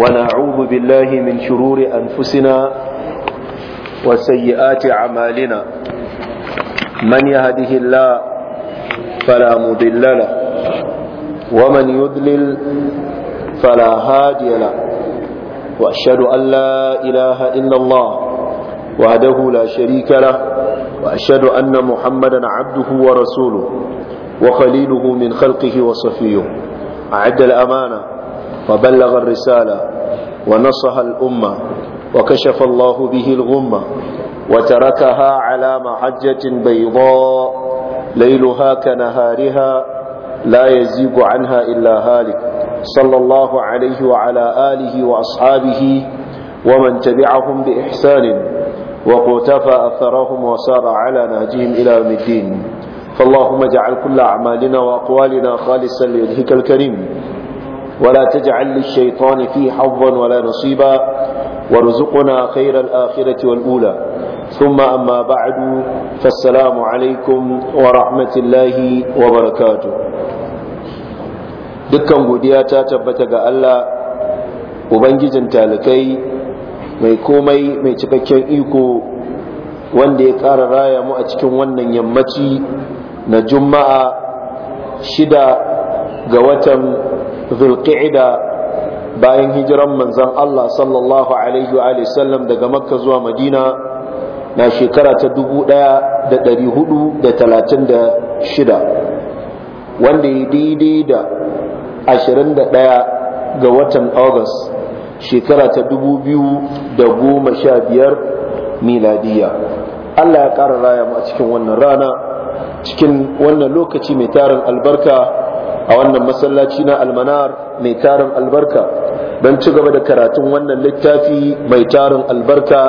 ونعوذ بالله من شرور أنفسنا وسيئات أعمالنا من يهده الله فلا مضل له ومن يضلل فلا هادي له وأشهد أن لا إله إلا الله وحده لا شريك له وأشهد أن محمدا عبده ورسوله وخليله من خلقه وصفيه أعد الأمانة وبلغ الرسالة ونصح الأمة وكشف الله به الغمة وتركها على محجة بيضاء ليلها كنهارها لا يزيغ عنها إلا هالك صلى الله عليه وعلى آله وأصحابه ومن تبعهم بإحسان وقتفى أثرهم وسار على نهجهم إلى يوم فاللهم اجعل كل أعمالنا وأقوالنا خالصا لإلهك الكريم ولا تجعل للشيطان فيه حظا ولا نصيبا وارزقنا خير الآخرة والأولى ثم أما بعد فالسلام عليكم ورحمة الله وبركاته دكا قدياتا تبتك ألا وبنجز تالكي ميكومي ميتككين إيكو wanda ya ƙara raya mu a cikin wannan yammaci na juma'a shida ga watan zulqa'ida bayan hijiran manzon Allah sallallahu alaihi wa sallam daga makka zuwa madina na shekara ta 1436 wanda ya daidai da 21 ga watan august shekara ta 2015 miladiya Allah ya ƙara raya mu cikin wannan rana cikin wannan lokaci mai tarin albarka a wannan masallaci na almanar mai tarin albarka don ci gaba da karatun wannan littafi mai tarin albarka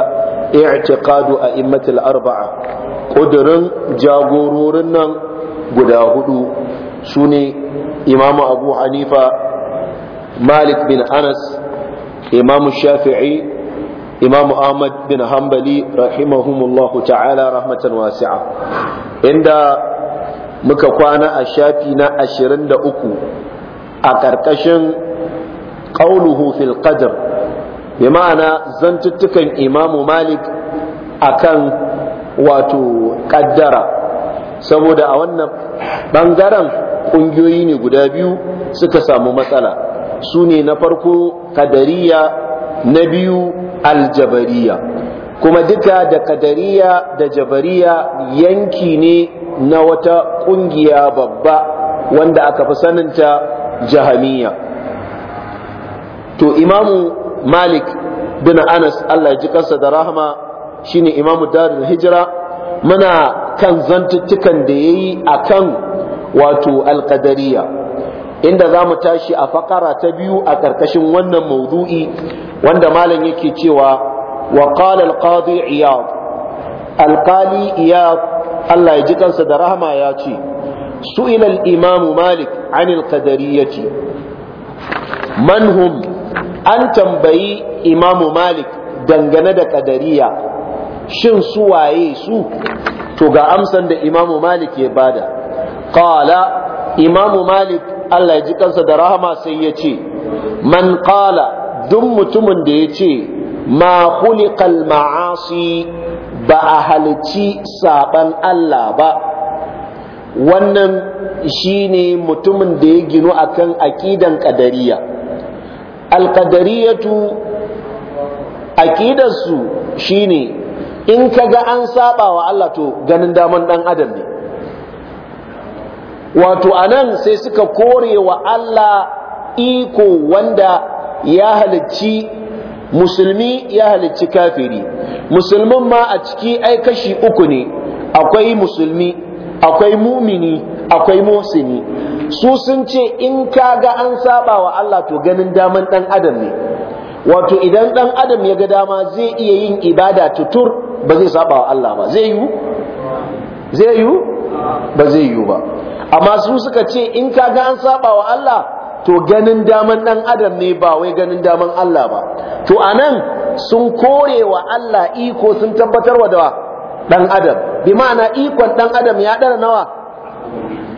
i'tiqadu a immatul arba'a ƙudurin jagororin nan guda hudu su ne imamu abu hanifa malik bin anas imamu shafi'i imamu ahmad bin hambali rahimahumullahu ta'ala rahmatan wasi'a inda muka kwana a shafi na ashirin da uku a ƙarƙashin ƙauluhu fil qadr bi ma'ana zantuttukan imamu malik a kan wato ƙaddara saboda a wannan ɓangaren ƙungiyoyi ne guda biyu suka samu matsala su ne na farko kadariya na biyu aljabariya kuma duka da kadariya da jabariya yanki ne na wata kungiya babba wanda aka fi saninta jahamiya to imamu malik bin anas allah ji kansa da rahama shine imamu darul hijira muna kan zantuttukan da ya yi a kan wato alkadariya inda za mu tashi a fakara ta biyu a ƙarƙashin wannan maudu'i wanda malam yake cewa wa qala al-qadi iyad alƙali iyad Allah ya ji kansa da rahama ya ce su'ila imamu malik anil ya man hum an tambayi imamu malik dangane da kadariya shin su waye su to ga amsan da imamu malik ya bada kala, imamu malik Allah ya ji kansa da rahama sai ya ce man kala duk mutumin da ya ce ma ma'asi ba a halici saban Allah ba wannan shine mutumin da ya ginu akan aƙidan ƙadariya alƙadariyatu aƙidarsu shine in ka ga an saba wa Allah to ganin daman ɗan adam ne wato a nan sai suka kore wa Allah iko wanda ya halicci musulmi ya halicci kafiri musulmin ma a ciki ai kashi uku ne akwai musulmi akwai mumini akwai musini su sun ce in ka ga an saba wa Allah to ganin daman dan adam ne wato idan dan adam ya ga dama zai iya yin ibada tutur ba zai saba wa Allah ba zai yiwu zai ba zai ba amma su suka ce in ka ga an saba wa Allah to ganin daman ɗan adam ne ba wai ganin daman Allah ba to anan sun kore wa Allah iko sun tabbatar wa da ɗan adam bi ma'ana ikon ɗan adam ya ɗara nawa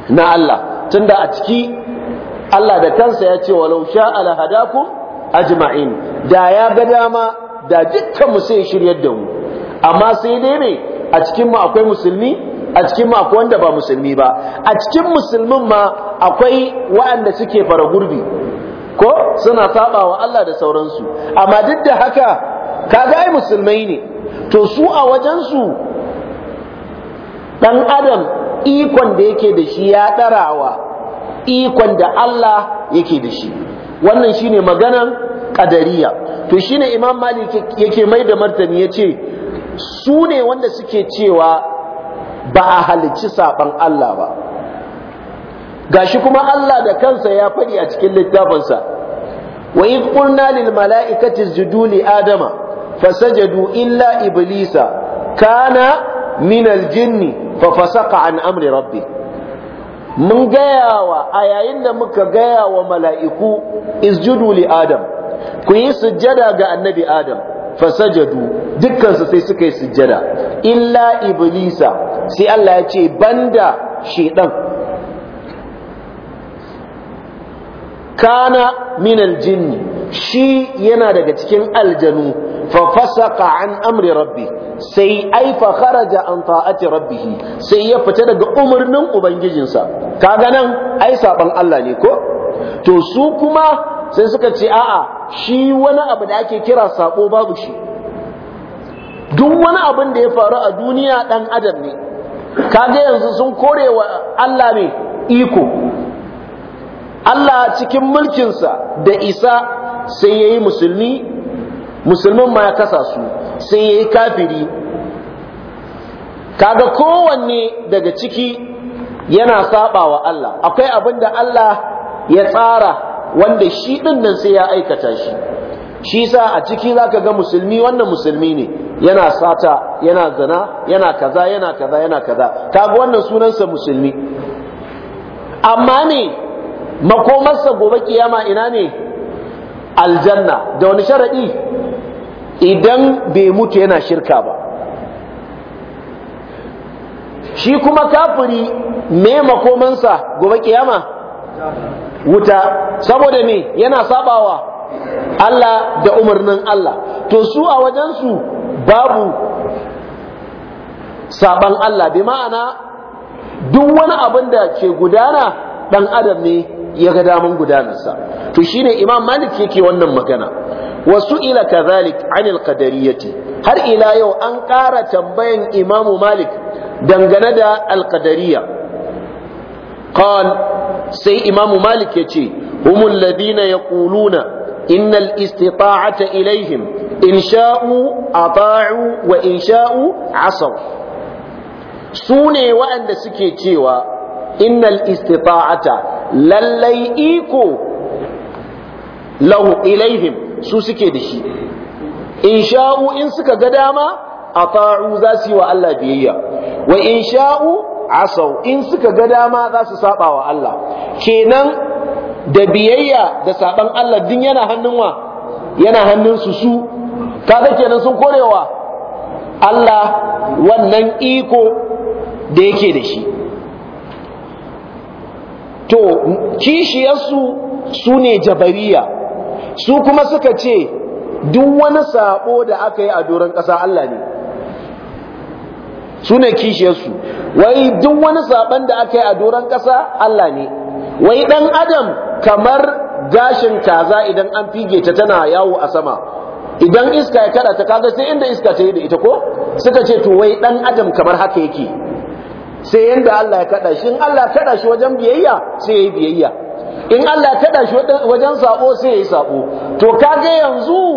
na Allah tunda a ciki Allah da kansa ya ce walau sha alhadaku hadaku ajma'in da ya ga dama da dukkan mu sai shiryar da mu amma sai dai ne a cikin mu akwai musulmi a cikin mu akwai wanda ba musulmi ba a cikin musulmin ma akwai waɗanda suke fara gurbi ko suna saba wa Allah da sauransu amma duk da haka kaga ai musulmai ne to su a wajensu dan adam ikon da yake da shi ya darawa ikon da Allah yake da shi wannan shine maganan kadariya to shine imam malik yake mai da martani yace su ne wanda suke cewa ba a halicci saban Allah ba gashi kuma Allah da kansa ya faɗi a cikin littafinsa wa idh qulna lil mala'ikati isjudu li adama fasajadu illa iblisa kana min al jinni fa fasaqa an amri rabbi mun gayawa a yayin da muka gaya wa mala'iku isjudu li adam ku yi sujjada ga annabi adam fasajadu dukkansu sai suka yi sujjada illa iblisa sai Allah ya ce banda shedan kana minal jinni shi yana daga cikin aljanu fa fasaqa an amri rabbi sai ai fa kharaja an ta'ati rabbih sai ya fita daga umurnin ubangijinsa kaga nan ai saban Allah ne ko to su kuma sai suka ce a'a shi wani abu da ake kira sako babu shi duk wani abin da ya faru a duniya dan adam ne kaga yanzu sun kore wa Allah ne iko Allah cikin mulkinsa da isa sai ya yi musulmi musulmin ma ya kasa su sai ya yi kafiri kaga kowanne daga ciki yana saba wa Allah akwai abin da Allah ya tsara wanda shi ɗin nan sai ya aikata shi shi sa a ciki zaka ga musulmi wannan musulmi ne yana sata yana zana, yana kaza yana kaza yana kaza kaga wannan sunansa musulmi amma ne makomarsa gobe kiyama ina ne aljanna da wani sharadi idan bai mutu yana shirka ba shi kuma kafiri me makomansa gobe kiyama wuta saboda me yana sabawa Allah da umarnin Allah to su a wajensu babu saban Allah bi ma'ana duk wani abin da ke gudana dan adam ne ya ga daman gudanarsa to shine imam malik yake wannan magana wasu ila kazalik anil qadariyati har ila yau an ƙara tambayan imam malik dangane da alqadariya qal sai imam malik yace humul ladina yaquluna innal istita'ata ilaihim in sha'u wa in sha'u asaw ne waɗanda suke cewa innal istita'ata lallai iko lahu ilaihim su suke da shi insha'u in suka ga dama ata'u za su yi wa Allah biyayya wa in asau in suka ga dama za su saba wa Allah kenan da biyayya da saban Allah din yana hannun wa yana hannun su su ga kenan sun korewa Allah wannan iko da yake da shi to kishiyarsu su ne jabariya su kuma suka ce duk wani sabo da aka yi a doron ƙasa Allah ne su ne kishiyarsu wai duk wani saban da aka yi a doron ƙasa Allah ne wai ɗan adam kamar gashin kaza idan an fige ta tana yawo a sama idan iska ya kada ta kaga sai inda iska ta yi da ita ko suka ce to wai dan adam kamar haka yake sai yanda Allah ya kada shi in Allah ya kada shi wajen biyayya sai yayi biyayya in Allah ya kada shi wajen sabo sai yayi sabo to kaga yanzu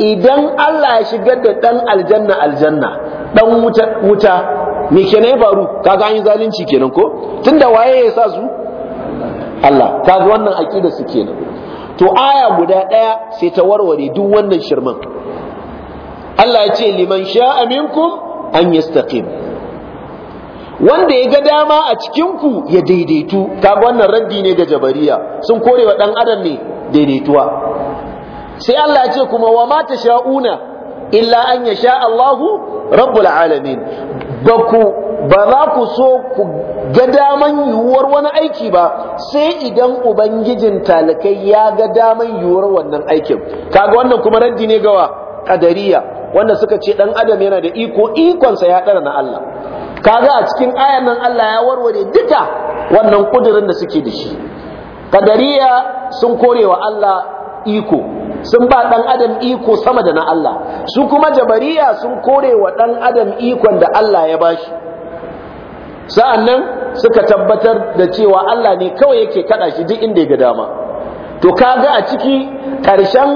idan Allah ya shigar da dan aljanna aljanna dan wuta wuta me kenan ya faru kaga an yi zalunci kenan ko tunda waye ya sa su Allah kaga wannan aqida su kenan to aya guda ɗaya sai ta warware duk wannan shirman Allah ya ce liman sha aminku an yastaqim wanda ya ga dama a cikinku ya daidaitu kaga wannan raddi ne ga jabariya sun kore wa ɗan adam ne daidaituwa sai Allah ya ce kuma wa ma sha'una illa an yasha Allahu rabbul alamin baku ba za ku so ku ga daman yiwuwar wani aiki ba sai idan ubangijin talakai ya ga daman yiwuwar wannan aikin kaga wannan kuma raddi ne gawa kadariya wanda suka ce dan adam yana da iko ikonsa ya dara na Allah kaga a cikin ayan nan Allah ya warware duka wannan kudirin da suke da shi kadariya sun korewa Allah iko sun ba dan adam iko sama da na Allah su kuma jabariya sun korewa wa ɗan adam ikon da Allah ya bashi sa'an nan suka tabbatar da cewa Allah ne kawai yake kada shi duk inda ya ga dama to ka ga a ciki ƙarshen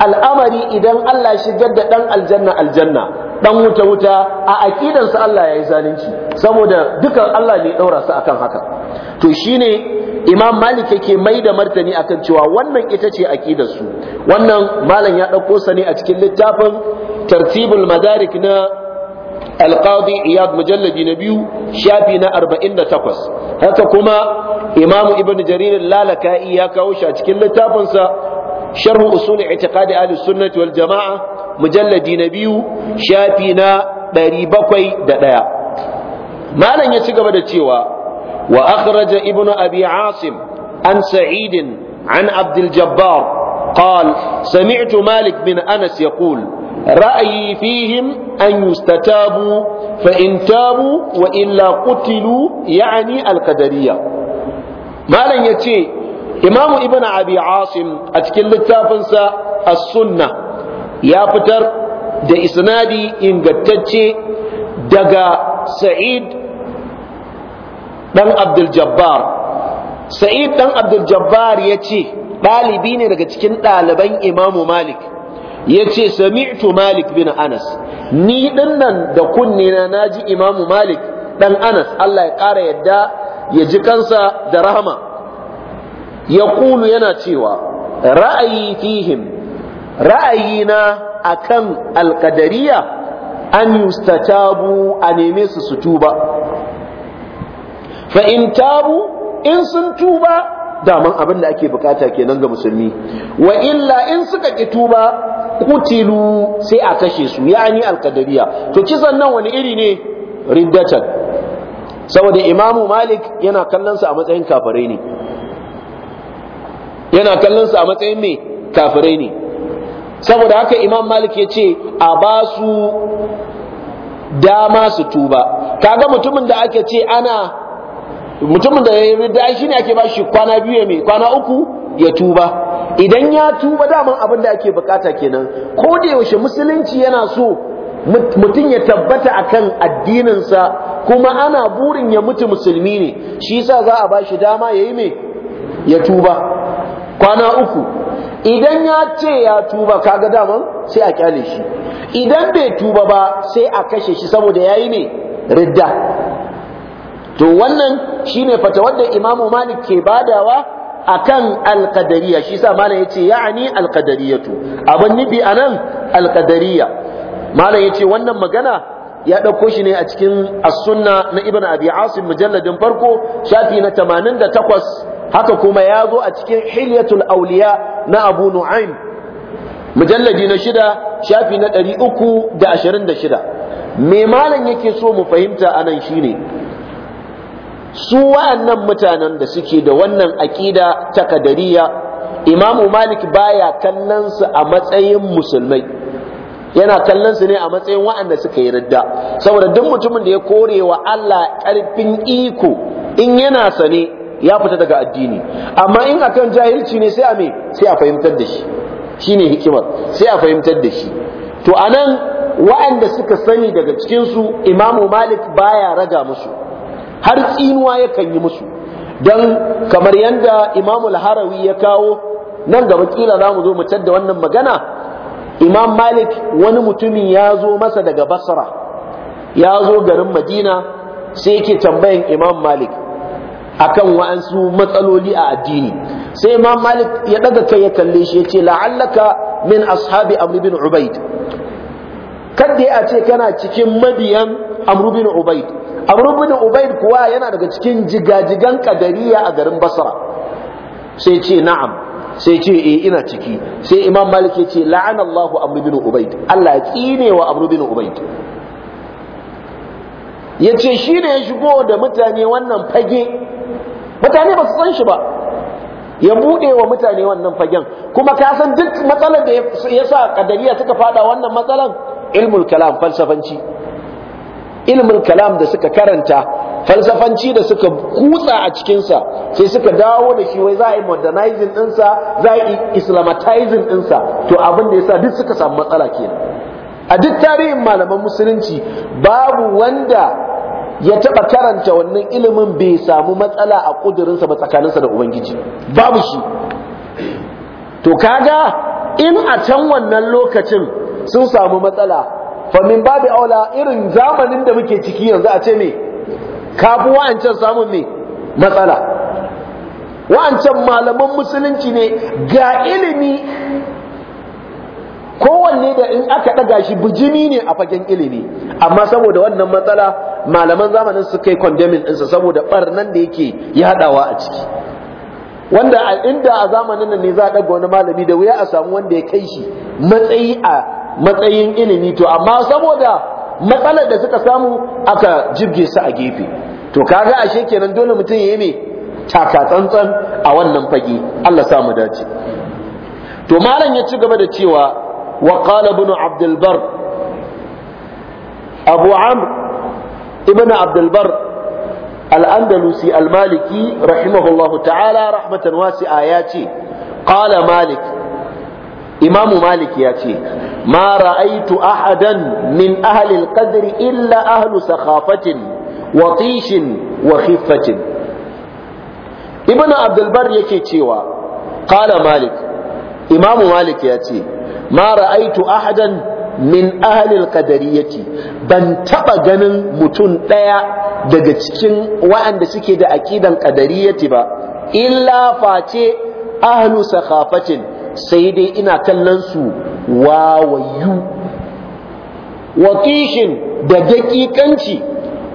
al'amari idan Allah shigar da ɗan aljanna aljanna ɗan wuta wuta a aƙidansa Allah ya yi zalunci saboda dukan Allah ne ɗaura su akan haka to shi ne Imam Malik yake mai da martani akan cewa wannan ita ce aƙidarsu wannan malam ya ɗauko sa ne a cikin littafin Tartibul Madarik na alqadi iyad mujalladi na biyu shafi na arba'in da 48 haka kuma imamu ibnu jaririn lalaka'i ya kawo shi a cikin littafinsa sharh usul i'tiqadi ahli sunnati wal jamaa mujalladi na biyu shafi na 701 malam ya ci gaba da cewa wa akhraja ibnu abi asim an sa'idin an abd al-jabbar قال سمعت مالك بن انس يقول ra'ayi fihim an yustatabu fa in tabu wa illa qutilu ya'ni al-qadariyya malan yace imam ibn abi a cikin littafinsa a sunna, ya fitar da isnadi ingantacce daga sa'id ɗan abdul sa'id ɗan abdul jabbar yace dalibi ne daga cikin ɗaliban imamu malik yace sami'tu malik bin anas ni nan da kunni na ji imamu malik dan anas Allah ya ƙara yadda ya ji kansa da rahama kulu yana cewa ra'ayi fihim ra'ayina kan alƙadariya an yustatabu a neme su su tuba fa in tabu in sun tuba daman abin da ake bukata kenan ga musulmi wa illa in suka ki tuba kutilu sai a kashe su yani alkadariya to kisan nan wani iri ne riddatan saboda imamu malik yana kallon su a matsayin kafirai ne yana kallon su a matsayin me kafirai ne saboda haka imam malik ya ce a ba su dama su tuba kaga mutumin da ake ce ana mutumin da ya yi ridda shi ne ake ba shi kwana biyu mai kwana uku ya tuba idan ya tuba daman abin da ake bukata kenan ko da yaushe musulunci yana so mutum ya tabbata a akan addininsa kuma ana burin ya mutu musulmi ne shi sa za a ba shi dama ya yi mai ya tuba kwana uku idan ya ce ya tuba kaga daman sai a kyale shi idan bai tuba ba sai a kashe shi saboda ya yi mai ridda to wannan shine fata wanda imamu malik ke badawa akan alqadariya shi sa malam yace ya'ani alqadariyatu abin nufi anan alqadariya malam yace wannan magana ya ɗauko shi ne a cikin as-sunna na ibn abi asim mujalladin farko shafi na 88 haka kuma ya zo a cikin hilyatul awliya na abu nu'aym mujalladi na shida shafi na 326 me malam yake so mu fahimta anan shine su wa'annan mutanen da suke da wannan aƙida ta kadariya imamu malik baya kallon su a matsayin musulmai yana kallon su ne a matsayin wa'anda suka yi ridda saboda duk mutumin da ya kore wa Allah ƙarfin iko in yana sane ya fita daga addini amma in akan jahilci ne sai a sai a fahimtar da shi shine hikimar sai a fahimtar da shi to anan wa'anda suka sani daga cikin su imamu malik baya raga musu har tsinuwa yakan yi musu don kamar yadda imamul harawi ya kawo nan gaba kila za mu zo mu da wannan magana imam malik wani mutumin ya zo masa daga basra ya zo garin madina sai yake tambayan imam malik akan wa'ansu matsaloli a addini sai imam malik ya daga kai ya kalle shi ya ce la'allaka min ashabi amr bin ubaid kadda a ce kana cikin madiyan amru bin ubaid amru bin ubaid kuwa yana daga cikin jigajigan kadariya a garin basra sai ce na'am sai ce eh ina ciki sai imam malik ya ce la'ana allah amru bin ubaid allah ya tsine wa amru bin ubaid ya ce shi ne ya shigo da mutane wannan fage mutane ba su san shi ba ya buɗe wa mutane wannan fagen kuma ka san duk matsalar da ya sa kadariya suka fada wannan matsalar ilmul kalam falsafanci ilmul kalam da suka karanta falsafanci da suka kutsa a cikinsa sai suka dawo da shi wai za a yi modernizing ɗinsa za a yi islamatizing ɗinsa to abin da ya sa duk suka samu matsala kenan a duk tarihin malaman musulunci babu wanda ya taɓa karanta wannan ilimin bai samu matsala a ƙudurinsa ba tsakaninsa da ubangiji babu shi to kaga in a can wannan lokacin sun samu matsala famin babu aula irin zamanin da muke ciki yanzu a ce me ka wa'ancan samun me matsala wa'ancan malaman musulunci ne ga ilimi kowanne da in aka ɗaga shi bijimi ne a fagen ilimi amma saboda wannan matsala malaman zamanin su kai condemning ɗinsa saboda ɓarnan da yake yaɗawa a ciki wanda inda a zamanin nan ne za a ɗaga wani malami da wuya a samu wanda ya kai shi matsayi a matsayin ilimi to amma saboda matsalar da suka samu aka jirge su a gefe to kaga ashe kenan dole mutum ya yi me taka tsantsan a wannan fage Allah sa mu dace to malam ya ci gaba da cewa wa qala ibn abdul bar abu amr ibn abdul al-andalusi al-maliki rahimahullahu ta'ala rahmatan wasi'a ya ce qala malik imamu malik ya ce ma ra'aitu ahadan min ahli alqadri illa ahlu sakhafatin wa tishin wa khiffatin ibnu abdul yake cewa qala malik imamu malik ya ce ma ra'aitu ahadan min ahli alqadariyati ban taɓa ganin mutum ɗaya daga cikin waɗanda suke da aqidan qadariyati ba illa face ahlu sakhafatin sai dai ina kallon su wawayu wa kishin da daƙiƙanci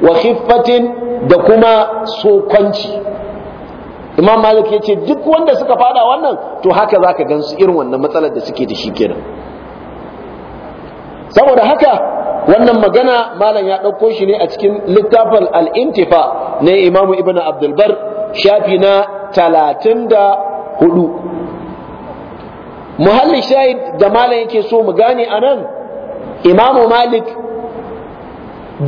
wa khiffatin da kuma sokanci imam malik ya ce duk wanda suka fada wannan to haka za ka gansu irin wannan matsalar da suke da shi kenan saboda haka wannan magana malam ya ɗauko shi ne a cikin littafin al'intifa na imamu ibn abdulbar shafi na talatin da hudu muhallin shahid da malam yake so mu gane a nan imamu malik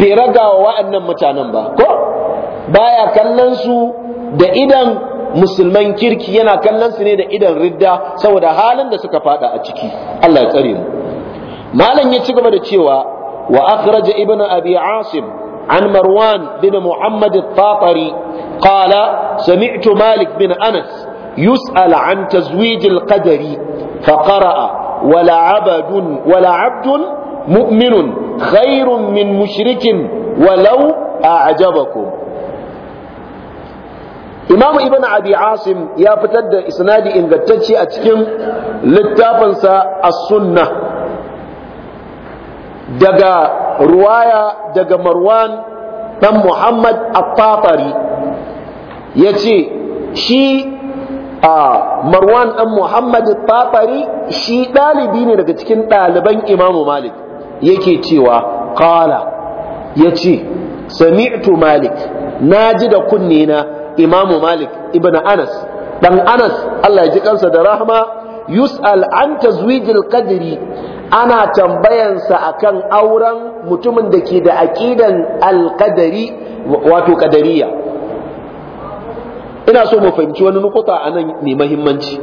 bai raga wa wa'annan mutanen ba ko baya kallon su da idan musulman kirki yana kallon su ne da idan ridda saboda halin da suka fada a ciki Allah ya tsare mu malam ya ci gaba da cewa wa akhraj ibn abi asim an marwan bin muhammad at-tatari qala sami'tu malik bin anas yus'al an tazwij al-qadari فقرأ ولا عبد ولا عبد مؤمن خير من مشرك ولو Imam Ibn Abi Asim ya fitar da isnadi ingantacce a cikin littafinsa a sunnah daga ruwaya daga Marwan dan Muhammad at ya ce shi a marwan dan muhammad tatari shi ɗalibi ne daga cikin daliban imamu malik yake cewa qala yace sami'tu malik naji da kunne na imamu malik ibnu anas ɗan anas Allah ya ji kansa da rahma yus'al an tazwijil qadri ana tambayansa akan auren mutumin da ke da aqidan qadari wato qadariya ina so mu fahimci wani nukuta a nan mai mahimmanci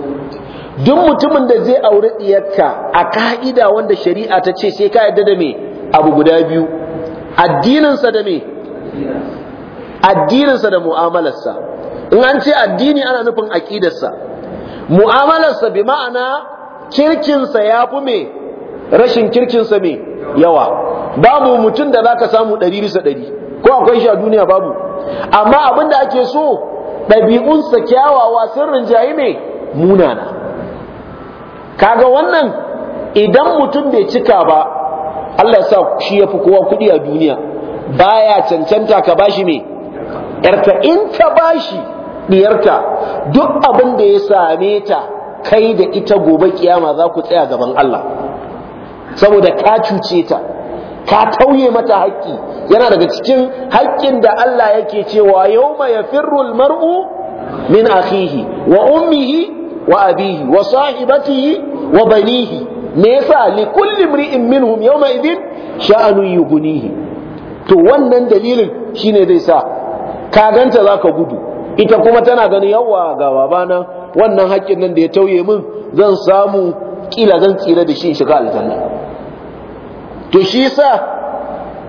duk mutumin da zai auri diyarka a ka'ida wanda shari'a ta ce sai ka yadda da me abu guda biyu addininsa da me addininsa da mu'amalarsa in an ce addini ana nufin aƙidarsa mu'amalarsa bi ma'ana kirkinsa ya fi me rashin kirkinsa me yawa babu mutum da za ka samu ɗari bisa ɗari ko akwai shi a duniya babu amma abin da ake so ɗabi'unsa kyawawa sun rinjayi ne munana kaga wannan idan mutum bai cika ba Allah ya sa shi ya fi kowa kuɗi a duniya baya cancanta ka bashi me yarka in ka bashi diyarka duk abin da ya same ta kai da ita gobe kiyama za ku tsaya gaban Allah saboda ka cuce ta ka tauye mata haƙƙi yana daga cikin haƙƙin da Allah yake cewa yawma firru mar'u min akhihi wa ummihi wa abihi wa sahibatihi wa banihi me yasa li kulli imri'in minhum yawma idin sha'anu yughnihi to wannan dalilin shine zai sa ka ganta zaka gudu ita kuma tana gani yawa ga babana wannan haƙƙin nan da ya tauye min zan samu kila zan tsira da shi shiga aljanna to shi yasa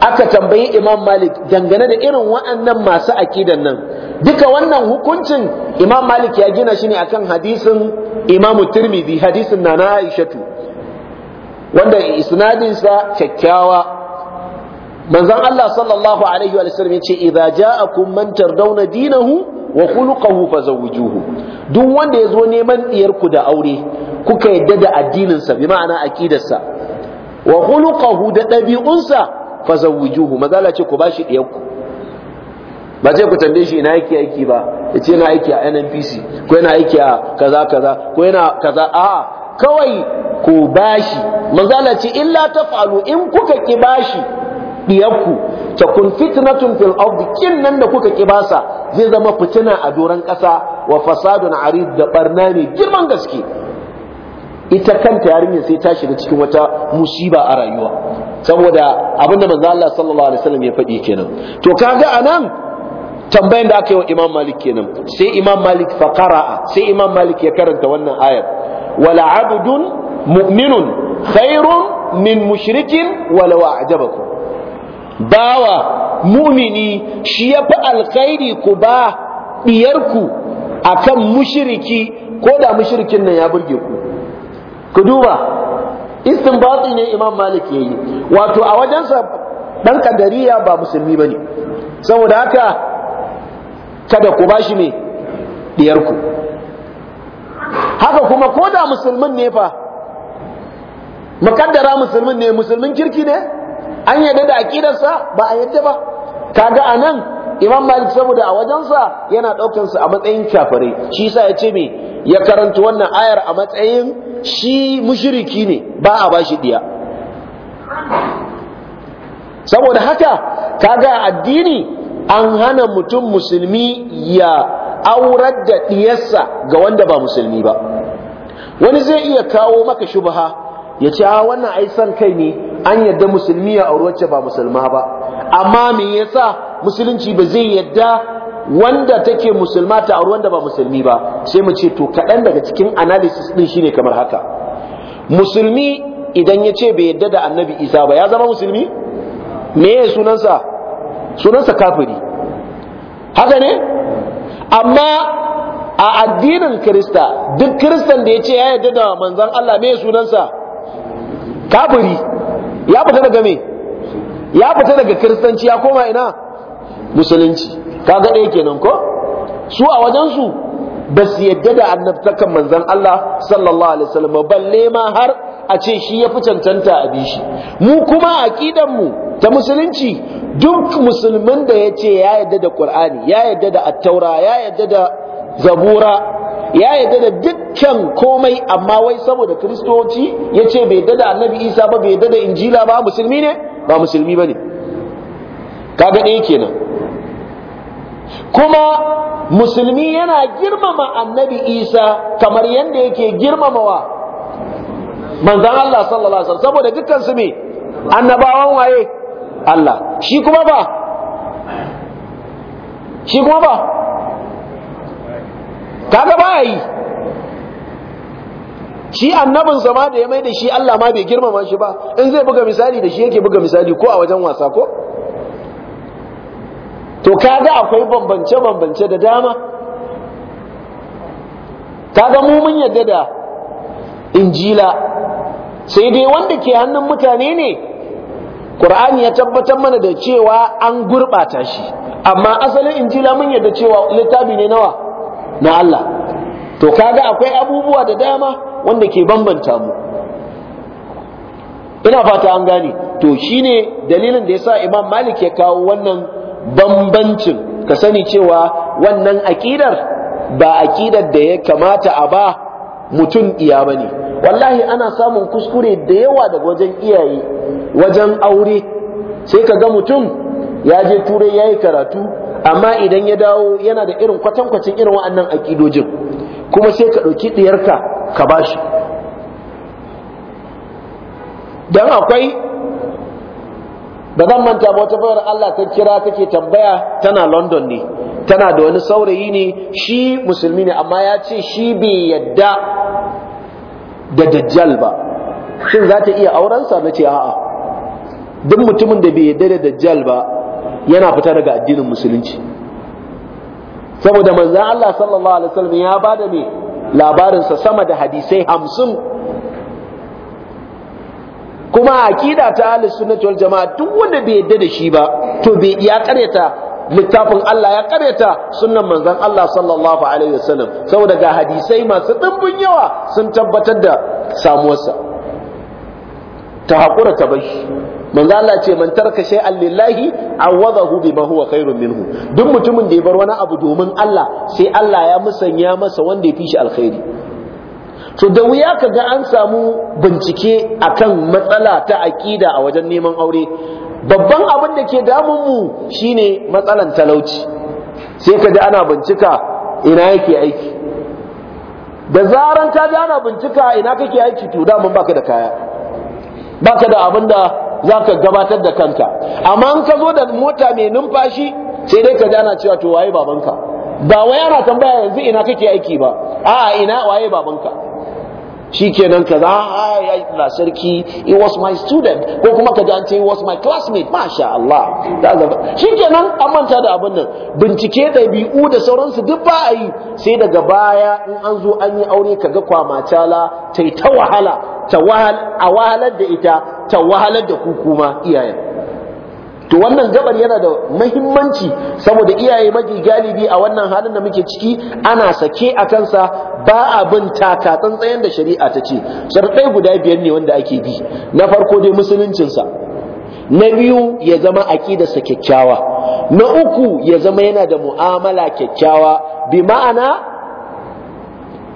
aka tambayi Imam Malik dangane da irin waɗannan masu akidan nan duka wannan hukuncin Imam Malik ya gina shi ne akan hadisin Imam Tirmidhi hadisin Nana Aishatu wanda isnadinsa kyakkyawa manzon Allah sallallahu alaihi wa sallam yace idza ja'akum man tardawna dinahu wa khuluquhu fazawwijuhu duk wanda yazo neman diyar ku da aure kuka yadda da addinin sa bi ma'ana aqidarsa wa khuluquhu da dabi'unsa fazawwijuhu mazala ce ku bashi diyanku ba zai ku tambaye shi ina yake aiki ba yace yana aiki a NNPC ko yana aiki a kaza kaza ko ina kaza a kawai ku bashi mazala ce illa tafalu in kuka ki bashi diyanku ta kun fitnatun fil ard kin nan da kuka ki basa zai zama fitina a doran kasa wa fasadun arid da barna ne girman gaske ita kanta yarinyar sai ta shiga cikin wata musiba a rayuwa saboda abinda manzo Allah sallallahu alaihi wasallam ya faɗi kenan to kaga anan tambayan da aka yi wa Imam Malik kenan sai Imam Malik fa qara'a sai Imam Malik ya karanta wannan ayar wala abdun mu'minun khairun min mushrikin wala a'jabakum bawa mu'mini shi yafi alkhairi ku ba diyarku akan mushriki ko da mushrikin nan ya burge ku ku duba istinbati ne imam malik yi, wato a wajensa dan kadariya ba musulmi bane saboda haka kada ku bashi ne diyarku haka kuma ko da musulmin ne fa mukaddara musulmin ne musulmin kirki ne an yadda da aƙidarsa ba a yadda ba kaga anan imam malik saboda a wajensa yana ɗaukan su a matsayin kafirai shi sa ya ce me ya karanta wannan ayar a matsayin shi mushiriki ne ba a bashi diya saboda haka kaga addini an hana mutum musulmi ya aurar da diyarsa ga wanda ba musulmi ba wani zai iya kawo maka shubha ya ce a ah, wannan ai san kai ne an yarda musulmi ya auri wacce ba musulma ba amma me yasa musulunci ba zai yadda wanda take musulma ta auri wanda ba musulmi ba sai mu ce to kaɗan daga cikin analysis ɗin shine kamar haka musulmi idan ya ce bai yadda da annabi isa ba ya zama musulmi me ya sunansa sunansa kafiri haka ne amma a addinin kirista duk kiristan da ya ce ya yadda da manzan Allah me ya sunansa kafiri ya fita daga me ya fita daga kiristanci ya koma ina musulunci kaga ɗaya kenan ko su a wajensu ba su yadda da annabtakan manzan Allah sallallahu alaihi wasallam balle ma har a ce shi ya fi cancanta a bishi mu kuma aqidanmu ta musulunci duk musulmin da ya ce ya yadda da qur'ani ya yadda da attaura ya yadda da zabura ya yadda da dukkan komai amma wai saboda kristoci ya ce bai yadda da annabi isa ba bai yadda da injila ba musulmi ne ba musulmi ba ne kaga ɗaya kenan kuma musulmi yana girmama annabi isa kamar yadda yake girmamawa manzan Allah sallallahu alaihi wasallam saboda su me annabawan waye Allah shi kuma ba shi kuma ba kaga ba yi shi annabin sama da ya mai da shi Allah ma bai girmama shi ba in zai buga misali da shi yake buga misali ko a wajen wasa ko to kaga akwai bambance-bambance da dama kaga mu mun yadda da injila sai dai wanda ke hannun mutane ne ƙur'ani ya tabbatar mana da cewa an gurbata shi amma asalin injila mun yadda cewa littafi ne nawa na Allah to kaga akwai abubuwa da dama wanda ke bambanta mu ina fata an gane to shine dalilin da yasa imam malik ya kawo wannan bambancin ka sani cewa wannan aƙidar ba aƙidar da ya kamata a ba mutum iya ba ne. wallahi ana samun kuskure da yawa daga wajen iyaye wajen aure sai ka ga mutum ya je turai ya yi karatu amma idan ya dawo yana da irin kwatankwacin irin wa'annan aƙidojin kuma sai ka ɗauki ɗiyarka ka ba shi don akwai ba zan manta ba wata bayar Allah ta kira take tambaya tana London ne tana da wani saurayi ne shi musulmi ne amma ya ce shi bai yadda da dajjal ba shin za ta iya aurensa na ce a'a duk mutumin da bai yadda da dajjal ba yana fita daga addinin musulunci saboda manzan Allah sallallahu alaihi wasallam ya bada me labarinsa sama da hadisai hamsin kuma aqida ta ahlus sunnati wal jamaa duk wanda bai yadda da shi ba to bai ya karyata littafin Allah ya karyata sunnan manzon Allah sallallahu alaihi wasallam saboda ga hadisai masu dimbin yawa sun tabbatar da samuwarsa ta hakura ta bashi manzo Allah ce man tarka shay'an lillahi awadahu bima huwa khairun minhu duk mutumin da ya bar wani abu domin Allah sai Allah ya musanya masa wanda ya fi shi alkhairi to da wuya ka ga an samu bincike akan matsala ta aƙida a wajen neman aure babban abin da ke mu shine matsalan talauci sai ka ji ana bincika ina yake aiki da zaran ka ji ana bincika ina kake aiki to daman baka da kaya baka da abin da za ka gabatar da kanka amma in ka zo da mota mai numfashi sai dai ka ji ana cewa to waye babanka ba wai ana tambaya yanzu ina kake aiki ba a'a ina waye babanka kenan shikenan kaza ai na sarki it was my student ko kuma kaji an ce it was my classmate masha Allah kenan an manta da abin nan bincike ɗabi'u da sauransu duk ba a yi sai daga baya in an zo an yi aure kaga kwamacala ta yi ta wahala ta a wahalar da ita ta wahalar da ku kuma iyayen to wannan gabar yana da mahimmanci saboda iyaye mafi galibi a wannan halin da muke ciki ana sake a kansa ba abin taka tsantsayen da shari'a ta ce sharɗai guda biyar ne wanda ake bi na farko dai musuluncinsa na biyu ya zama aƙidarsa kyakkyawa na uku ya zama yana da mu'amala kyakkyawa bi ma'ana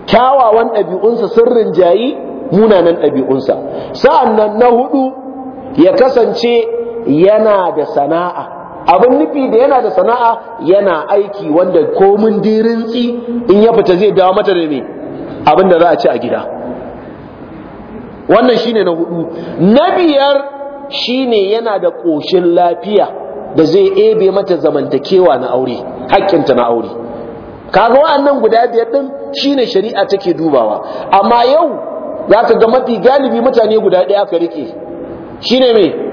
kyawawan ɗabi'unsa sun rinjayi munanan ɗabi'unsa sa'an nan na hudu ya kasance yana da sana'a abin nufi da yana da sana'a yana aiki wanda komin dirintsi in ya fita zai dawo mata da me abin da za a ci a gida wannan shine na hudu na biyar shine yana da ƙoshin lafiya da zai ebe mata zamantakewa na aure hakkinta na aure kaga wa'annan guda biyar din shine shari'a take dubawa amma yau zaka ga mafi galibi mutane guda ɗaya aka rike shine me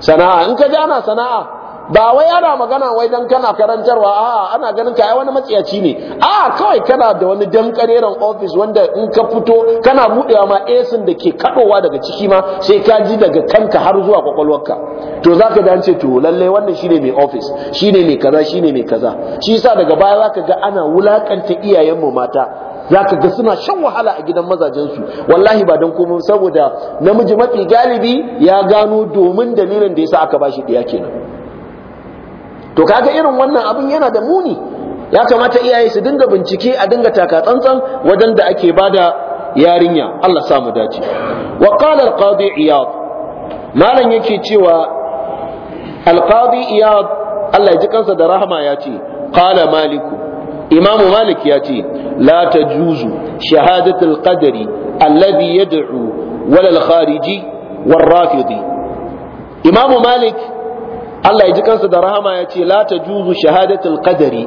sana'a in ka ji ana sana'a ba wai ana magana wai dan kana karantarwa a ana ganin ka ai wani matsiyaci ne a kawai kana da wani kareran office wanda in ka fito kana budewa ma esin da ke kadowa daga ciki ma sai ka ji daga kanka har zuwa kwakwalwarka to zaka ga an to lalle wannan shine mai office shine mai kaza shine mai kaza shi sa daga baya zaka ga ana wulakanta iyayenmu mata za ka ga suna shan wahala a gidan mazajensu wallahi ba don komai saboda namiji mafi galibi ya gano domin dalilin da ya sa aka ba bashi ɗaya kenan to kaga irin wannan abin yana da muni ya kamata iyaye su dinga bincike a dinga taka tsantsan wajen da ake bada yarinya Allah sa mu dace wa qala al-qadi iyad malam yake cewa al-qadi iyad Allah ya ji kansa da rahama ya ce qala maliku imamu malik ya ce la tajuzu shahadatul qadari alladhi yad'u wal khariji war rafidi imamu malik Allah ya ji kansa da rahama ya ce la tajuzu shahadatul qadari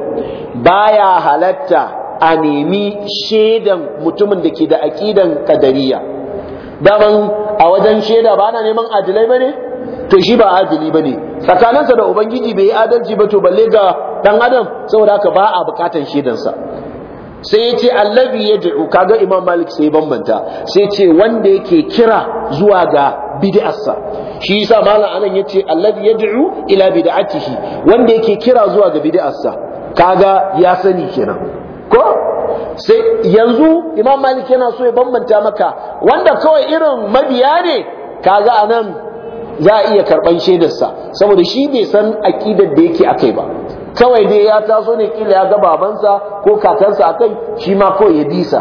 baya halatta a nemi shaidan mutumin da ke da aqidan qadariya daman a wajen shaida ba na neman adilai bane to shi ba adili bane tsakaninsa da ubangiji bai yi adalci ba to balle ga dan adam saboda haka ba a bukatan shaidansa sai ya ce allabi ya da'u kaga imam malik sai bambanta sai ce wanda yake kira zuwa ga bid'arsa shi yasa malam anan yace allabi yad'u ila bid'atihi wanda yake kira zuwa ga bid'arsa kaga ya sani kenan ko sai yanzu imam malik yana so ya bambanta maka wanda kawai irin mabiya ne kaga anan za a iya karban shaidarsa saboda shi bai san aqidar da yake akai ba kawai dai ya taso ne kila ya ga babansa ko kakansa akai shi ma ko ya bisa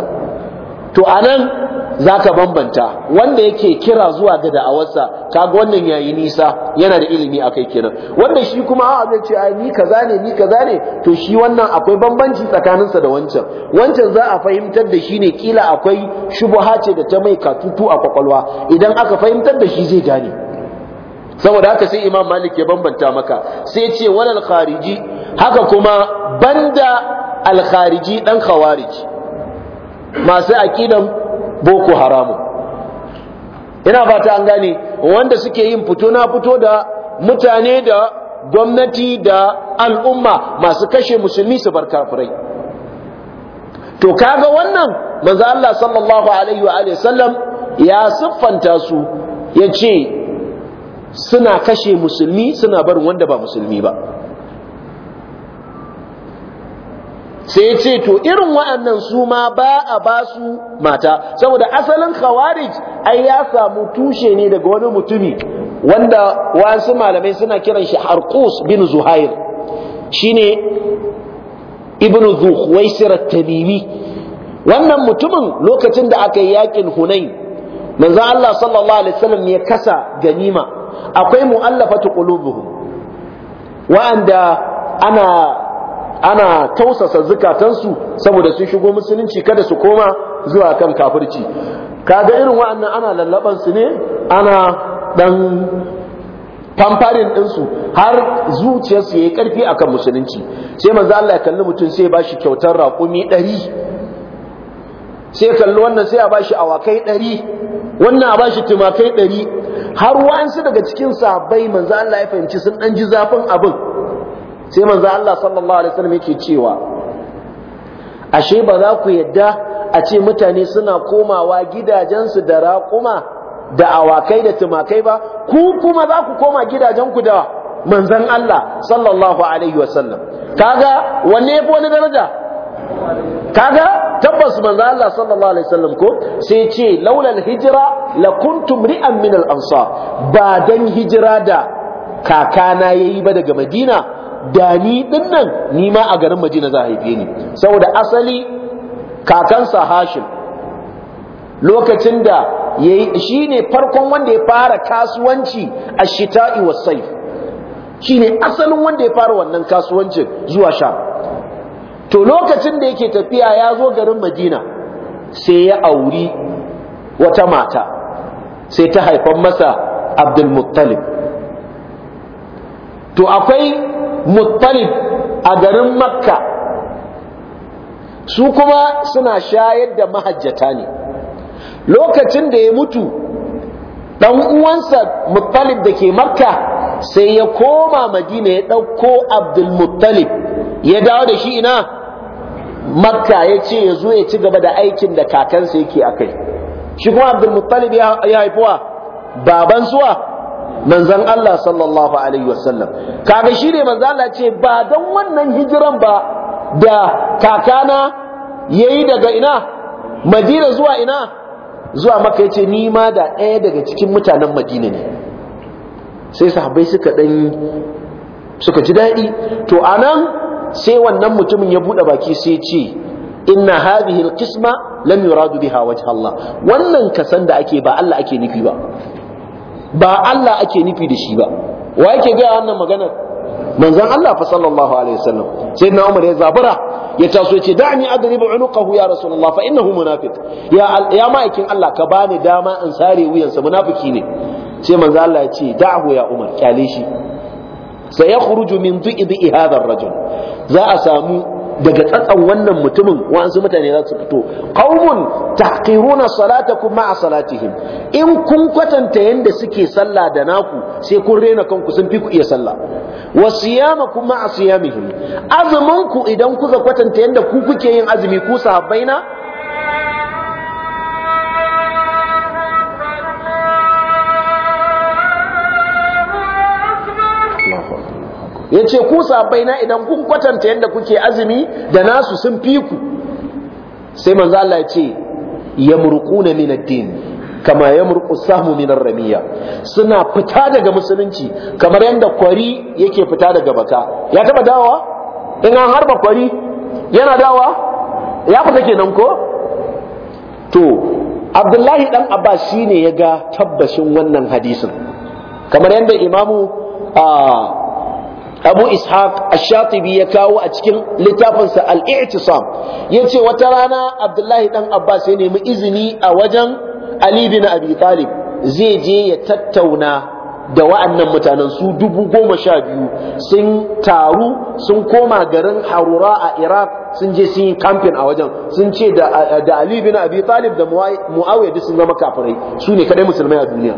to anan zaka bambanta wanda yake kira zuwa ga da'awarsa kaga wannan yayi nisa yana da ilimi akai kenan wanda shi kuma a'a zai ce ai ni kaza ne ni kaza ne to shi wannan akwai bambanci tsakaninsa da wancan wancan za a fahimtar da shi ne kila akwai shubha ce da ta mai katutu a kwakwalwa idan aka fahimtar da shi zai gane saboda haka sai imam malik ya bambanta maka sai ce walal khariji haka kuma banda alkhariji dan khawarij masu aqidan boko haramu ina fata an gane wanda suke yin fito na fito da mutane da gwamnati da al'umma masu kashe musulmi su bar kafirai to kaga wannan manzo Allah sallallahu alaihi wa sallam ya siffanta su yace suna kashe musulmi suna barin wanda ba musulmi ba sai ya ce to irin wa'annan su ma ba a ba su mata saboda asalin khawarij ai ya samu tushe ne daga wani mutumi wanda wasu malamai suna kiran shi harqus bin zuhair shine ibnu zuhwaisir at-tamimi wannan mutumin lokacin da aka yi yakin hunain manzo Allah sallallahu alaihi wasallam ya kasa ganima akwai mu'allafatu qulubuhum wa'anda ana ana tausasa zukatansu saboda sun shigo musulunci kada su koma zuwa kan kafirci kaga irin wa'annan ana lallaban su ne ana dan pamfarin ɗinsu har zuciyarsu yayi karfi akan musulunci sai manzo Allah ya kalli mutum sai ba shi kyautar raƙumi ɗari sai kalli wannan sai a ba shi awakai ɗari wannan a ba shi tumakai ɗari har wa'ansu daga cikin sahabbai manzo Allah ya fahimci sun ɗan ji zafin abin sai manzo Allah sallallahu alaihi wasallam yake cewa ashe ba za ku yadda a ce mutane suna komawa gidajensu da raƙuma da awakai da tumakai ba ku kuma za ku koma gidajenku da manzon Allah sallallahu alaihi wasallam kaga wanne yafi wani daraja kaga tabbas manzo Allah sallallahu alaihi wasallam ko sai ce laula hijira la kuntum ri'an min al-ansar ba dan hijira da kakana yayi ba daga Madina da ni din nan ni ma a garin Madina za a haife ni saboda asali kakansa Hashim lokacin da yayi shine farkon wanda ya fara kasuwanci a shita'i was saif shine asalin wanda ya fara wannan kasuwancin zuwa sha to lokacin da yake tafiya ya zo garin Madina sai ya auri wata mata sai ta haifan masa Abdul Muttalib to akwai muttalib a garin makka su kuma suna shayar da mahajjata ne lokacin da ya mutu ɗan uwansa muttalib da ke makka sai ya koma madina ya ɗauko abdulmuttalib ya dawo da shi ina makka ya ce ya zo ya ci gaba da aikin da kakansa yake a kai shi kuma abdulmuttalib ya haifuwa baban manzon Allah sallallahu alaihi wasallam kaga shi ne manzon Allah ce ba dan wannan hijiran ba da kakana yayi daga ina Madina zuwa ina zuwa Makka yace ni ma da ɗaya daga cikin mutanen Madina ne sai sahabbai suka dan suka ji daɗi to anan sai wannan mutumin ya buɗe baki sai ce inna hadhihi alqisma lam yuradu biha wajh Allah wannan kasan da ake ba Allah ake nufi ba ba Allah ake nufi da shi ba wa yake ga wannan maganar manzon Allah fa sallallahu alaihi wasallam sai na Umar ya zabura ya taso yace da'ni adribu unuqahu ya rasulullah fa innahu munafiq ya ya ma'aikin Allah ka bani dama in sare wuyansa munafiki ne sai manzo Allah ya ce da'hu ya Umar kyale shi sai ya khuruju min du'i du'i hadha ar-rajul za a samu daga tsatsan wannan mutumin wa'ansu mutane za su fito qaumun tahqiruna salatakum ma'a salatihim in kun kwatanta yanda suke sallah da naku sai kun rena kanku sun fi ku iya sallah wa siyamakum ma'a siyamihim azumin ku idan ku kwatanta yanda ku kuke yin azumi ku sahabbaina yace ku sabai na idan kun kwatanta yadda kuke azumi da nasu sun fi ku sai manzo Allah ya ce murquna min ad-din kama murqu sahmu min ar-ramiya suna fita daga musulunci kamar yadda kwari yake fita daga baka ya taba dawa in an harba kwari yana dawa ya fita kenan ko to abdullahi dan abbas shine ya ga tabbashin wannan hadisin kamar yadda imamu a ah, abu ishaq ashatibi shatibi ya kawo a cikin littafinsa al-i'tisam ce wata rana abdullahi dan abbas ya nemi izini a wajen ali bin abi talib zai je ya tattauna da wa'annan mutanen su dubu goma sha biyu sun taru sun koma garin harura a iraq sun je sun yi kamfin a wajen sun ce da ali bin abi talib da muawiya duk sun zama kafirai su ne kadai musulmai a duniya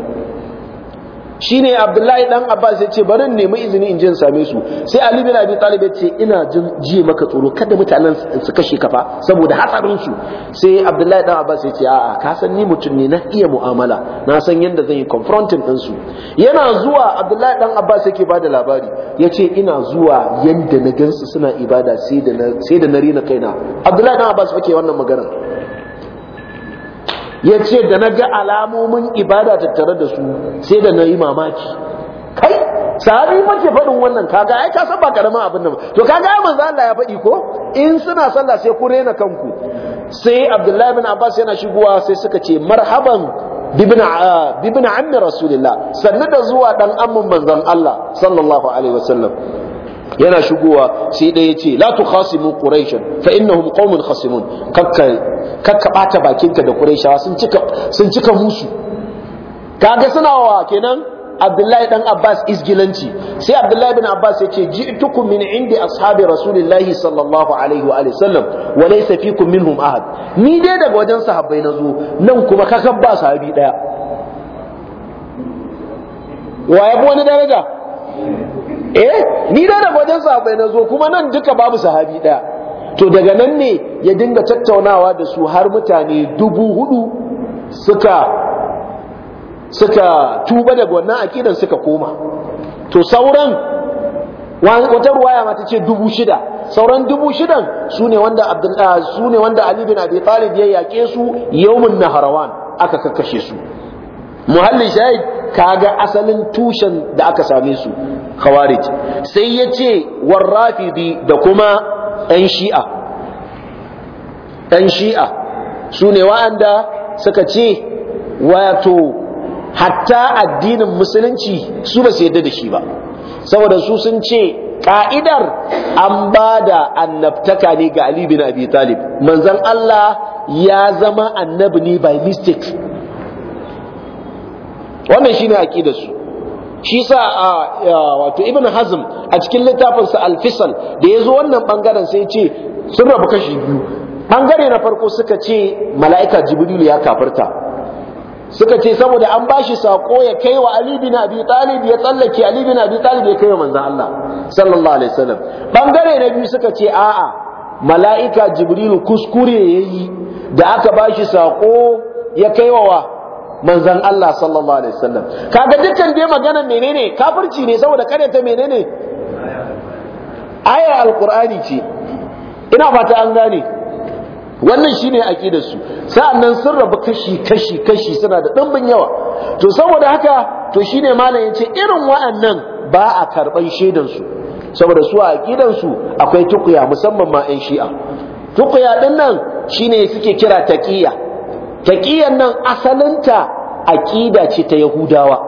Shi ne abdullahi dan abbas ya ce bari nemi izini in je same su sai ali bin abi talib ya ce ina jin jiye maka tsoro kada mutanen su kashe ka fa saboda hatsarin su sai abdullahi dan abbas ya ce a'a kasan ni mutum ne na iya mu'amala na san yadda zan yi confronting din su yana zuwa abdullahi dan abbas yake bada labari ya ce ina zuwa yadda na gansu suna ibada sai da na rena kaina abdullahi dan abbas wannan maganar ya ce da na ga alamomin ibada tattare da su sai da na yi mamaki kai sahabi mace faɗin wannan kaga ai ka san ba karamin abin nan to kaga ai manzo Allah ya faɗi ko in suna sallah sai ku rena kanku sai Abdullahi bin Abbas yana shigowa sai suka ce marhaban bibin ammi rasulillah sannu da zuwa dan amman manzon Allah sallallahu alaihi wasallam yana shigowa sai ɗaya ce la tu khasimu quraishan fa innahum qaumun khasimun kakka kakka bata bakinka da quraisha sun cika sun cika musu kaga suna wa kenan Abdullahi dan Abbas isgilanci sai Abdullahi bin Abbas yace ji'tukum min indi ashabi rasulillahi sallallahu alaihi wa sallam wa laysa fikum minhum ahad ni dai daga wajen sahabbai nazo nan kuma kaka ba sahabi daya wa yabi wani daraja eh ni da da wajen sahabai na zo kuma nan duka babu sahabi ɗaya. to daga nan ne ya dinga tattaunawa da su har mutane dubu hudu suka suka tuba daga wannan akidan suka koma to sauran wata ruwaya ma ta ce dubu shida sauran dubu shidan su ne wanda ah, su ne wanda Ali bin ya yake su yawmun naharawan aka kakkashe su muhallin shahid kaga asalin tushen da aka same su khawarij sai ya ce warrafidi da kuma ɗan shi'a ɗan shi'a su ne wa'anda suka ce wato hatta addinin musulunci su ba su yadda da shi ba saboda su sun ce ka'idar an ba da annabtaka ne ga Ali bin Abi Talib manzon Allah ya zama annabi ne by mistake wannan shine da su shi sa a wato ibn hazm a cikin littafinsa al-fisal da zo wannan bangaren sai ce sun rabu kashi biyu bangare na farko suka ce mala'ika jibril ya kafirta suka ce saboda an bashi sako ya kai wa ali bin abi talib ya tsallake ali bin abi talib ya kai wa manzon Allah sallallahu alaihi wasallam bangare na biyu suka ce a'a mala'ika jibril kuskure yayi da aka bashi sako ya kai wa manzon Allah sallallahu alaihi wasallam kaga dukkan dai magana menene kafirci ne saboda ta menene ayar alqur'ani ce ina fata an gane wannan shine aqidar su sa'annan sun rabu kashi kashi kashi suna da dimbin yawa to saboda haka to shine malam yace irin wa'annan ba a karban shaidan su saboda su a aqidar su akwai tukuya musamman ma 'yan shi'a tukuya din nan shine suke kira taqiya taqiyan nan asalinta aƙida ce ta yahudawa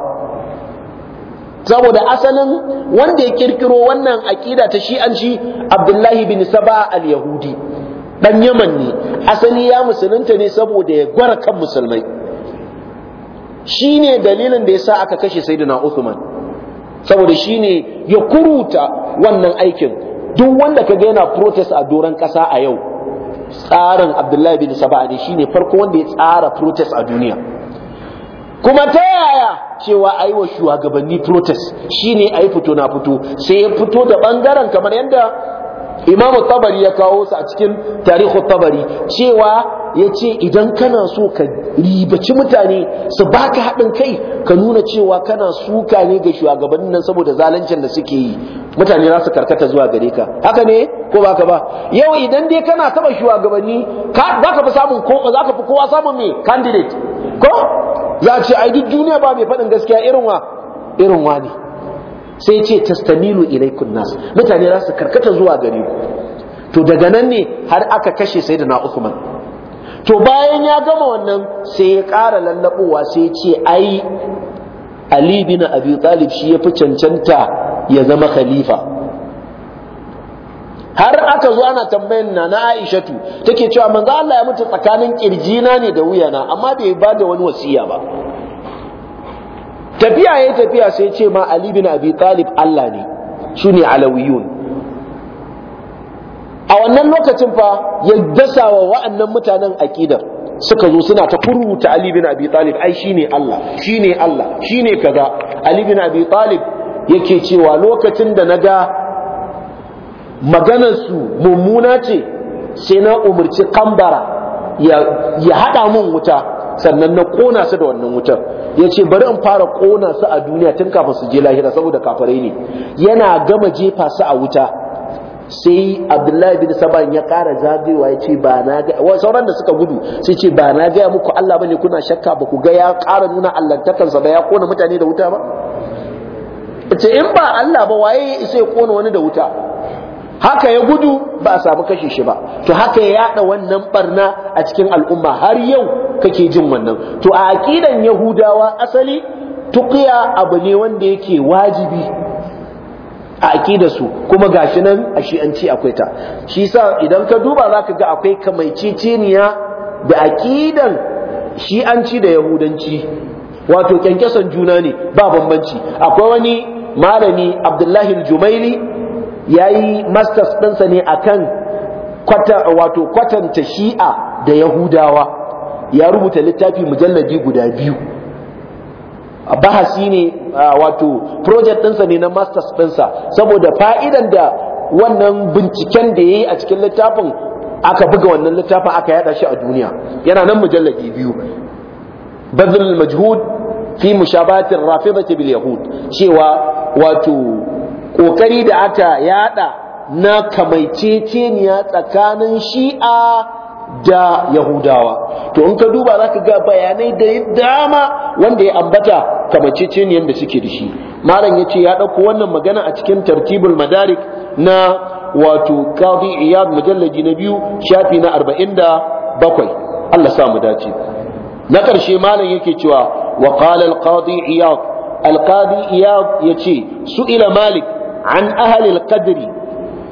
saboda asalin wanda ya kirkiro wannan aƙida ta shi'anci abdullahi bin saba al-yahudi dan yaman ne asali ya musulunta ne saboda ya gwara kan musulmai shine dalilin da ya sa aka kashe sayyidina usman. saboda shine ya kuruta wannan aikin duk wanda kaga yana protest a doron kasa a yau tsarin Abdullahi bin Saba ne shine farko wanda ya tsara protest a duniya kuma ta yaya cewa a yi wa shugabanni protest shi ne a fito na fito sai ya fito da bangaren kamar yadda imam tabari ya kawo su a cikin tarihu tabari cewa ya ce idan kana so ka ribaci mutane su baka haɗin kai ka nuna cewa kana suka ne ga shugabannin nan saboda zalancin da suke yi mutane za su karkata zuwa gare ka haka ne ko baka ba yau idan dai kana taba shugabanni za ka fi samun kowa samun me candidate ko za a ce ai duk duniya ba mai faɗin gaskiya irin wa irin wa ne sai ce tastamilu ilaikun nas mutane za su karkata zuwa gari ku to daga nan ne har aka kashe sai da na usman to bayan ya gama wannan sai ya ƙara lallaɓowa sai ce ai Ali bin Abi Talib shi ya fi cancanta ya zama khalifa har aka zo ana tambayin na na Aishatu take cewa manzo Allah ya mutu tsakanin na ne da wuya na? amma bai ba da wani wasiya ba tafiya yayi tafiya sai ce ma Ali bin Abi Talib Allah ne sune alawiyun a wannan lokacin fa ya dasa wa wa'annan mutanen aqidar suka zo suna ta kuruta Ali bin Abi Talib ai shine Allah shine Allah shine kaza Ali bin Abi Talib yake cewa lokacin da na ga. maganarsu mummuna ce sai na umarci kambara ya haɗa mun wuta sannan na kona su da wannan wutar ya ce bari in fara kona su a duniya tun kafin su je lahira saboda kafirai ne yana gama jefa su a wuta sai abdullahi bin saban ya ƙara zagewa ya ce ba na ga sauran da suka gudu sai ce ba na gaya muku Allah bane kuna shakka ba ku ga ya ƙara nuna allantakansa ba ya kona mutane da wuta ba ce in ba Allah ba waye sai kona wani da wuta haka ya gudu ba a samu kashe shi ba to haka ya yada wannan barna a cikin al'umma har yau kake jin wannan to a aqidan yahudawa asali tuqiya abu ne wanda yake wajibi a aqidar su kuma gashi nan a shi'anci akwai ta shi yasa idan ka duba zaka ga akwai ciciniya da aqidan shi'anci da yahudanci wato kyankyasan juna ne ba bambanci akwai wani malami Abdullahi al-Jumaili ya yi masters ɗinsa ne akan kan kwatanta shi'a da yahudawa ya rubuta littafi mujalladi guda biyu bahasi ne wato project ɗinsa ne na masters ɗinsa saboda fa'idan da wannan binciken da ya yi a cikin littafin aka buga wannan littafin aka yada shi a duniya yana nan mujalladi biyu bazil majhud fi mushabatin rafidati bil yahud cewa wato ƙoƙari da aka yada na kamaiceceniya tsakanin shi'a da yahudawa to in ka duba za ka ga bayanai da dama wanda ya ambata kamaiceceniyan da suke da shi malam ya ce ya ɗauko wannan magana a cikin tartibul madarik na wato kadi iyad mujallaji na biyu shafi na arba'in da bakwai allah sa mu dace na ƙarshe malam yake cewa wa qala al qadi iyad al qadi iyad yace su ila malik an ahalil qadri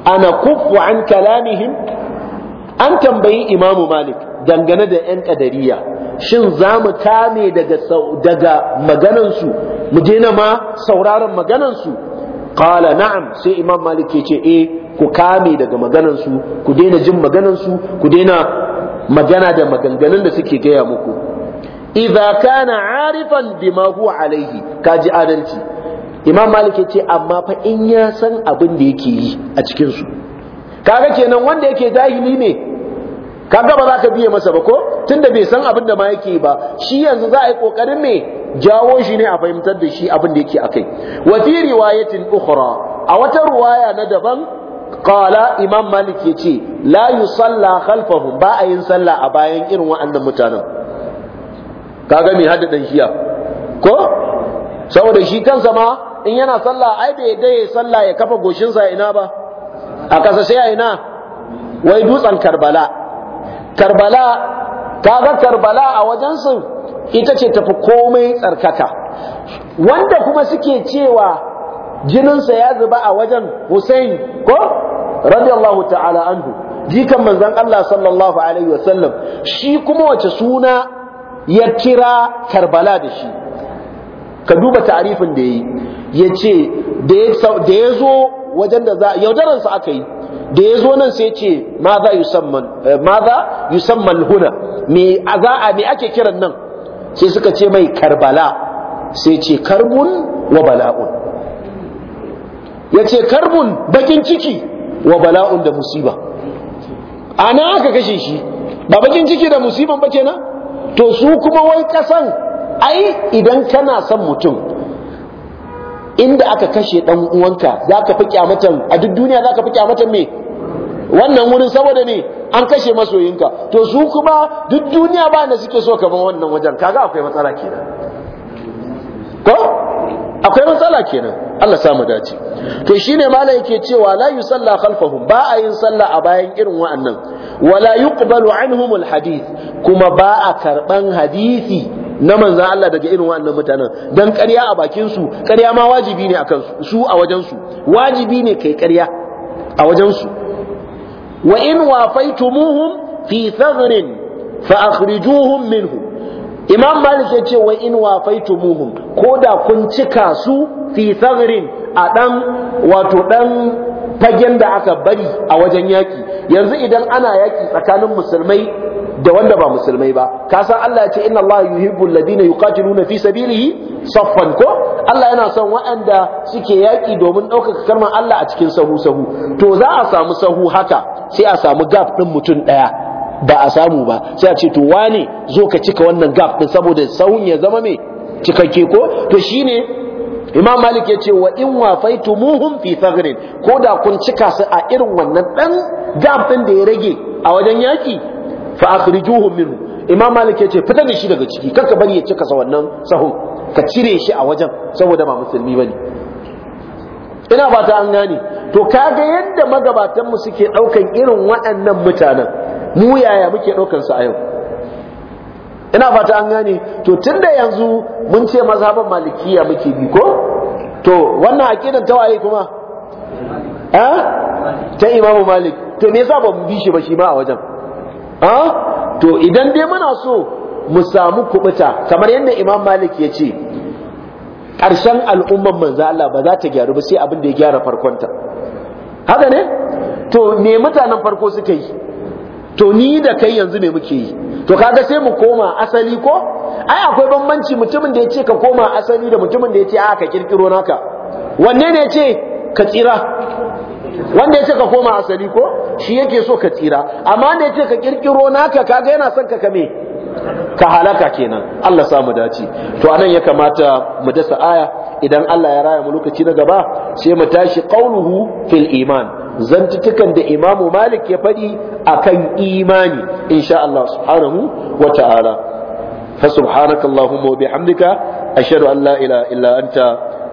ana kufu an kalamihim an tambayi imamu malik dangane da yan kadariya shin za mu kame daga daga maganansu mu daina ma sauraron maganansu qala na'am sai imam malik ya ce eh ku kame daga maganansu ku daina jin maganansu ku daina magana da maganganun da suke gaya muku idza kana arifan bima huwa ka kaji adalci imam malik yace amma fa in ya san abin da yake yi a cikin su kaga kenan wanda yake jahili ne kaga ba za ka biye masa ba ko tunda bai san abin da ma yake ba shi yanzu za a yi kokarin me jawo shi ne a fahimtar da shi abin da yake akai wa fi riwayatin ukhra a wata riwaya na daban qala imam malik yace la yusalla khalfahum ba a yin sallah a bayan irin waɗannan mutanen kaga me hada shiya ko saboda shi kansa ma in yana sallah ai bai da ya sallah ya kafa goshinsa ina ba a ƙasa sai a ina wai dutsen karbala karbala ta ga karbala a wajensu ita ce tafi komai tsarkaka wanda kuma suke cewa jininsa ya zuba a wajen Hussein ko radiyallahu ta'ala anhu jikan manzon Allah sallallahu alaihi wasallam shi kuma wace suna ya kira Karbala da shi ka duba ta'arifin da ya yi ya ce da ya zo wajen da za yaudararsa aka yi da ya zo nan sai ce maza yusamman eh, huna me za a me ake kiran nan sai suka ce mai karbala sai ce karbun wa bala'un ya ce karbun bakin ciki wa bala'un da musiba A nan aka kashe shi ba bakin ciki da musiban ba kenan to su kuma wai kasan ai idan kana son mutum inda aka kashe dan uwanka zaka fi kyamatan a duk duniya zaka fi kyamatan me wannan wurin saboda me an kashe masoyinka to su kuma duk duniya ba na suke so kaman wannan wajen kaga akwai matsala kenan ko akwai matsala kenan Allah samu dace to shine malam yake cewa la yusalla khalfahum ba a yin sallah a bayan irin wa'annan wala yuqbalu anhumul hadith? kuma ba a karban hadisi na manzan Allah daga irin wannan mutanen dan ƙarya a bakin su ƙarya ma wajibi ne akan su a wajen su wajibi ne kai ƙarya a wajen su wa in wafaitumuhum fi thagrin fa akhrijuhum minhu imam malik ya ce wa in wafaitumuhum ko Koda kun cika su fi thagrin a dan wato dan fagen da aka bari a wajen yaki yanzu idan ana yaki tsakanin musulmai da wanda ba musulmai ba ka san Allah ya ce inna Allah yuhibbu alladhina yuqatiluna fi sabilihi saffan ko Allah yana son waɗanda suke yaƙi domin ɗaukaka kalmar Allah a cikin sahu sahu to za a samu sahu haka sai a samu gap ɗin mutum ɗaya ba a samu ba sai a ce to wane zo ka cika wannan gap ɗin saboda sahun ya zama me cikakke ko to shine Imam Malik ya ce wa in wafaitumuhum fi thagrin ko da kun cika su a irin wannan dan gap ɗin da ya rage a wajen yaƙi. fa akhrijuhum minhu imam malik yace fitar da shi daga ciki karka bari ya cika sa wannan sahun ka cire shi a wajen saboda ba musulmi bane ina ba ta an gane to kaga yadda magabatan mu suke daukan irin waɗannan mutanen mu yaya muke daukan su a yau ina ta an gane to tunda yanzu mun ce mazhaban malikiya muke bi ko to wannan aqidan tawaye kuma ta imamu malik to me yasa ba mu bi shi ba shi ma a wajen to idan dai muna so mu samu kubuta kamar yadda imam malik ya ce ƙarshen al'umman manzo Allah ba za ta gyaru ba sai abin da ya gyara farkonta haka ne to me mutanen farko suka yi to ni da kai yanzu me muke yi to kaga sai mu koma asali ko ai akwai bambanci mutumin da ya ce ka koma asali da mutumin da yace a ka kirkiro naka wanne ne yace ka tsira wanda ce ka koma asali ko shi yake so ka tsira amma wanda ce ka kirkiro naka kaga yana son ka kame ka halaka kenan Allah mu dace to anan ya kamata mu dasa aya idan Allah ya raya mu lokaci na gaba sai mu tashi qauluhu fil iman zantutukan da Imamu Malik ya fadi akan imani insha Allah subhanahu wa ta'ala fa subhanakallahumma wa bihamdika ashhadu an la ilaha illa anta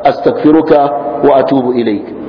astaghfiruka wa atubu ilaik